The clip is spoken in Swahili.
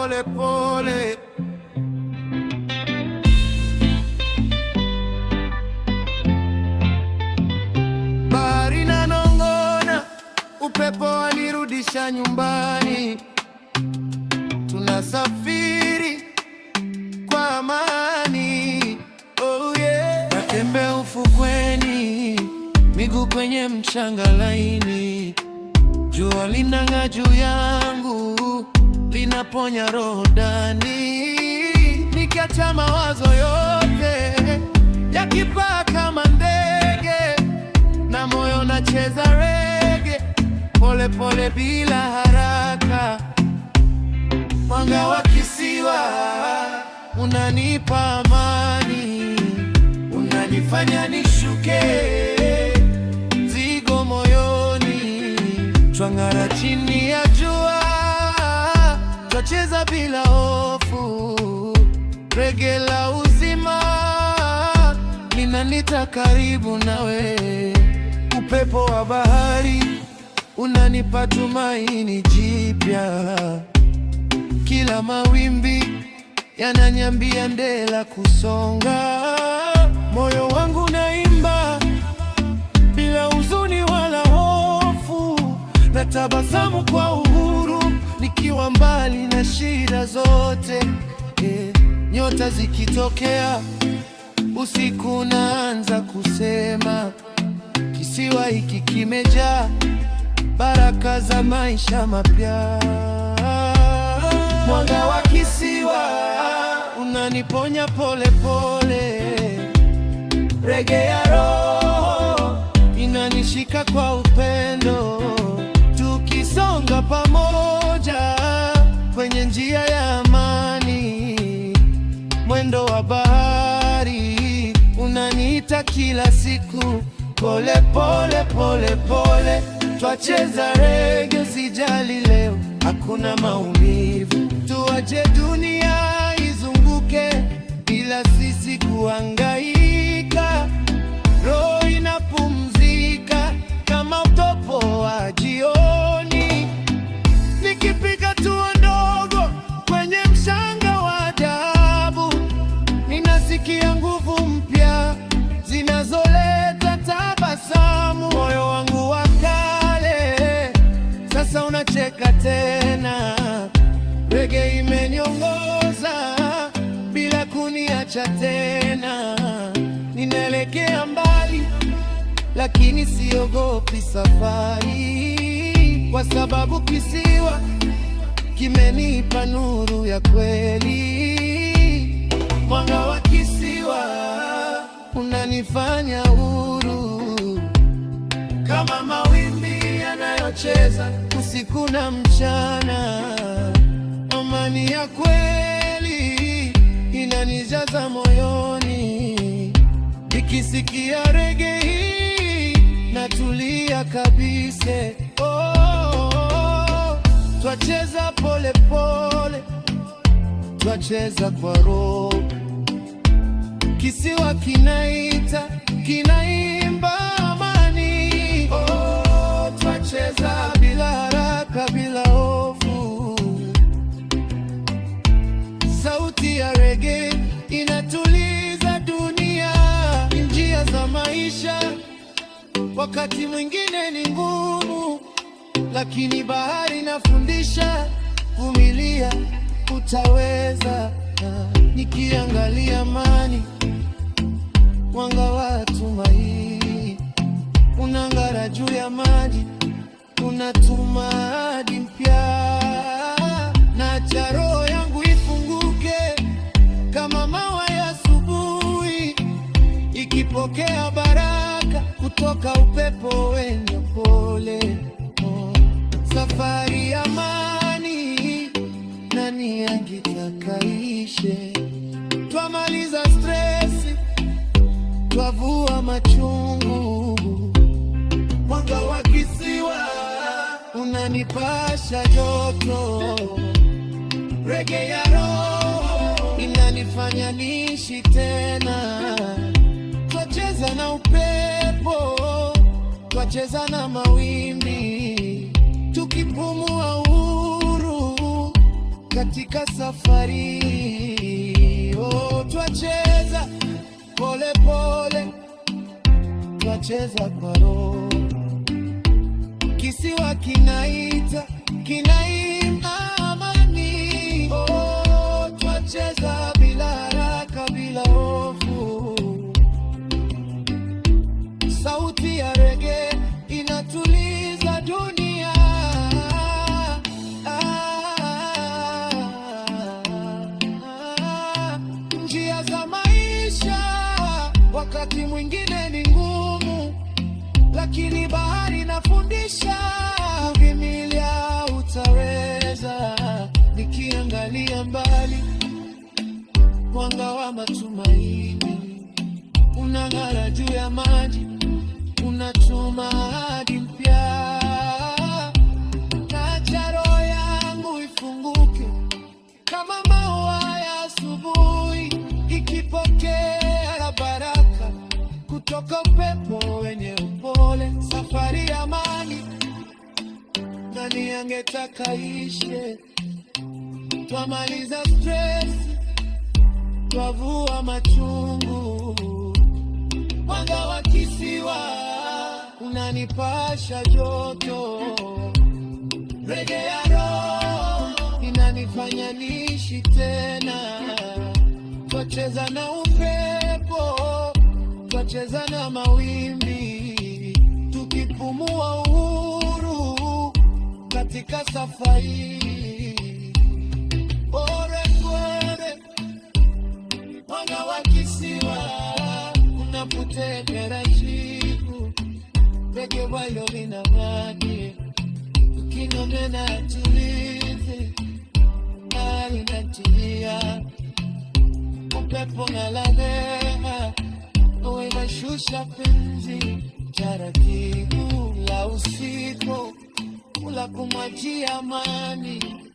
pole pole. Bahari na upepo alirudisha nyumbani. Tunasafiri kwa amani, oh yeah. Natembea ufukweni, miguu kwenye mchanga laini, jua linang'aa juu yangu linaponya roho ndani, nikiacha mawazo yote yakipaa kama ndege, na moyo nacheza rege polepole, pole bila haraka. Mwanga wa kisiwa unanipa amani, unanifanya nishuke zigo moyoni, twang'ara chini tutacheza bila hofu, rege la uzima linanita karibu nawe. Upepo wa bahari unanipa tumaini jipya, kila mawimbi yananyambia ndela kusonga. Moyo wangu naimba bila huzuni wala hofu, na tabasamu kwa ukiwa mbali na shida zote eh, nyota zikitokea usiku naanza kusema, kisiwa hiki kimejaa baraka za maisha mapya. Mwanga wa kisiwa unaniponya polepole, rege ya roho inanishika kwa upendo njia ya amani, mwendo wa bahari unaniita kila siku, pole pole pole pole, twacheza rege, sijali leo hakuna maumivu, tuache dunia izunguke bila sisi kuanga kuniacha tena. Ninaelekea mbali, lakini siogopi safari, kwa sababu kisiwa kimenipa nuru ya kweli. Mwanga wa kisiwa unanifanya huru, kama mawimbi yanayocheza usiku na mchana Nikisikia rege hii natulia kabisa. Oh, oh, oh. Twacheza pole pole, twacheza kwa roho, kisiwa kinaita kinaimba wakati mwingine ni ngumu, lakini bahari inafundisha vumilia, utaweza. Nikiangalia amani, mwanga wa tumaini unang'ara juu ya maji, unatuma hadi mpya na charo yangu ifunguke kama mawa ya asubuhi ikipokea kutoka upepo wenye pole Safari ya amani, nani angitakaishe? Twamaliza stresi, twavua machungu. Mwanga wa kisiwa unanipasha joto, rege ya roho inanifanya niishi tena, twacheza na upepo twacheza na mawimbi, tukipumua uhuru katika safari. Oh, twacheza polepole, twacheza kwa roho, kisiwa kinaita kinaita Lakini bahari nafundisha, vumilia utaweza. Nikiangalia mbali, mwanga wa matumaini unang'ara juu ya maji, unatuma hadi mpya. Nacha roho yangu ifunguke kama maua ya asubuhi, ikipokea baraka kutoka safari ya mani nani angetaka ishe, twamaliza stress, twavua machungu, mwanga wa kisiwa unanipasha joto, rege ya roho inanifanya niishi tena, twacheza na upepo, twacheza na mawimbi kupumua uhuru katika safari. Pore kwere mwanga wa kisiwa unapotegera siku, ndege bwayo lina maji, tukinonena tulizi nalinatilia upepo na laneha uinashusha penzi taratibu la usiku kula kumwachia amani